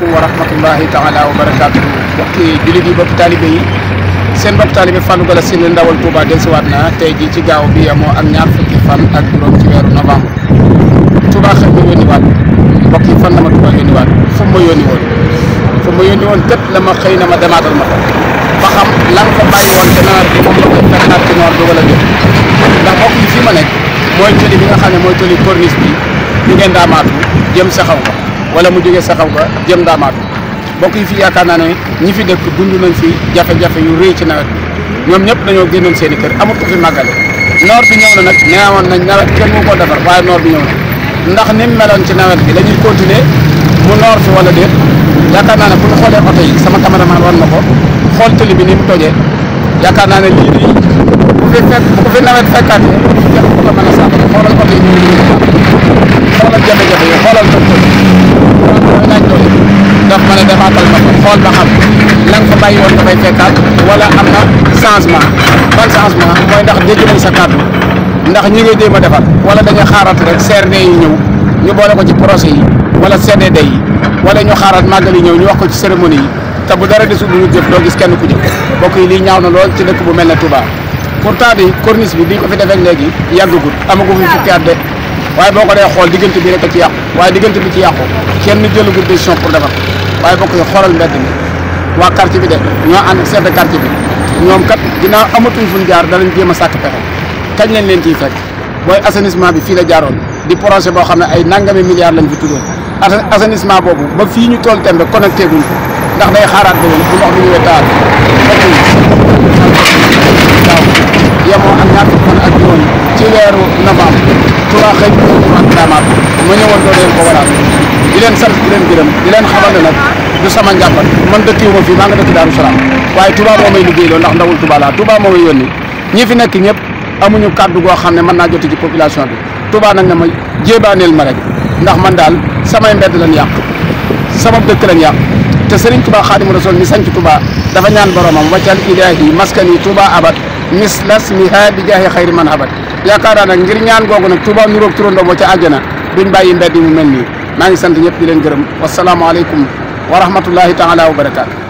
aleykum wa rahmatullahi taala wa barakaatu mbokki jullit yi mbokki taalibe yi seen mbokk taalibe Fallou Galass Syll ndawal Touba dellusiwaat na tey jii ci gaaw bi yemoo ak ñaar fukki fan ak juróom ci weeru novembre Touba xel ma yónni waat mbokk yi fan la ma Touba yónni waat fu ma yónni woon woon tëpp la ma xëy na ma demaatal ma ko ba xam lan ko bàyyi woon te nawet bi moom la koy fekkaat nga xam ne mooy tëli corniche bi ñu ngeen daamaatu jëm sa xaw wala mu jógee saxaw ga jëm ndaamaatu mbokk yi fi yaakaar naa ne ñi fi dëkk dund nañ fi jafe-jafe yu rëy ci nawet bi ñoom ñëpp dañoo génnoon seen i kër amut ko fi màggale noor bi ñëw na nag neewoon nañ nawet kenn mu ko defar waaye noor bi ñëw na ndax ni mu meloon ci nawet bi la ñuy continuer mu noor fi wala déet yaakaar naa ne bu ñu xoolee oto yi sama cameraman war na ko xool tëli bi ni mu tojee yaakaar naa ne lii nii bu fi fekk bu fi nawet fekkaatee ma ne defaatal ma ko xool ba xam la nga fa bàyyi woon dafay am na changement ban changement mooy ndax dégg nañ sa kàddu ndax ñi ngay jéem a defar wala da nga xaarat rek CRD yi ñëw ñu boole ko ci procès yi wala CDD yi wala ñu xaarat màggal yi ñëw ñu wax ko ci cérémonie yi te bu dara desul ñu jëf doo gis kenn ku jëf mbokk yi lii ñaaw na lool ci dëkk bu mel ne Touba pourtant di corniche bi bi ñu ko fi defee léegi yàggagul amagu fi fukki at de waaye boo ko dee xool diggante bi rek ci yàqu waaye diggante bi ci yàqu kenn jëlagul décision pour defar waaye bokk yi xoolal mbedd mi waa quartier bi de ñoo ànd ak chef bi ñoom kat ginnaaw amatuñ fuñ jaar danañ jéem a sàkk pexe kañ lañ leen ciy fekk booy assainissement bi fii la jaaroon di projet boo xam ne ay nangami milliards lañ fi tuddoon assainissement boobu ba fii ñu toll tembe connecté guñ ndax day xaaraat ba woon bu ndox bi ñëwee taal daaw yemoo ak ñaar fukk ak juróom ci weeru novembre trois xëy na ma ñëwoon doo ko waraat di leen sant di leen gërëm di leen xamal ne nag du sama njàmbat man dëkkiwuma fii maa nga dëkk Daaru Salaam waaye Touba moo may liggéey loolu ndax ndawul Touba laa Touba moo may yónni ñi fi nekk ñëpp ñu kàddu goo xam ne man naa joti ci population bi tubaa nag na ma jéebaaneel ma rek ndax man daal sama mbedd lañ yàq sama dëkk lañ yàq te Serigne Touba Xaadimu Rasuul mi sanc Touba dafa ñaan boromam waccal ilaahi maskani Touba abad mis las mi ha bi jaahi man abad yaakaar naa nag ngir ñaan googu nag Touba nuroog turandoo boo ca àjjana duñ bàyyi mbedd maa ngi sant ñëpp di leen gërëm wasalaamaaleykum wa rahmatullahi taala wa barakaatu.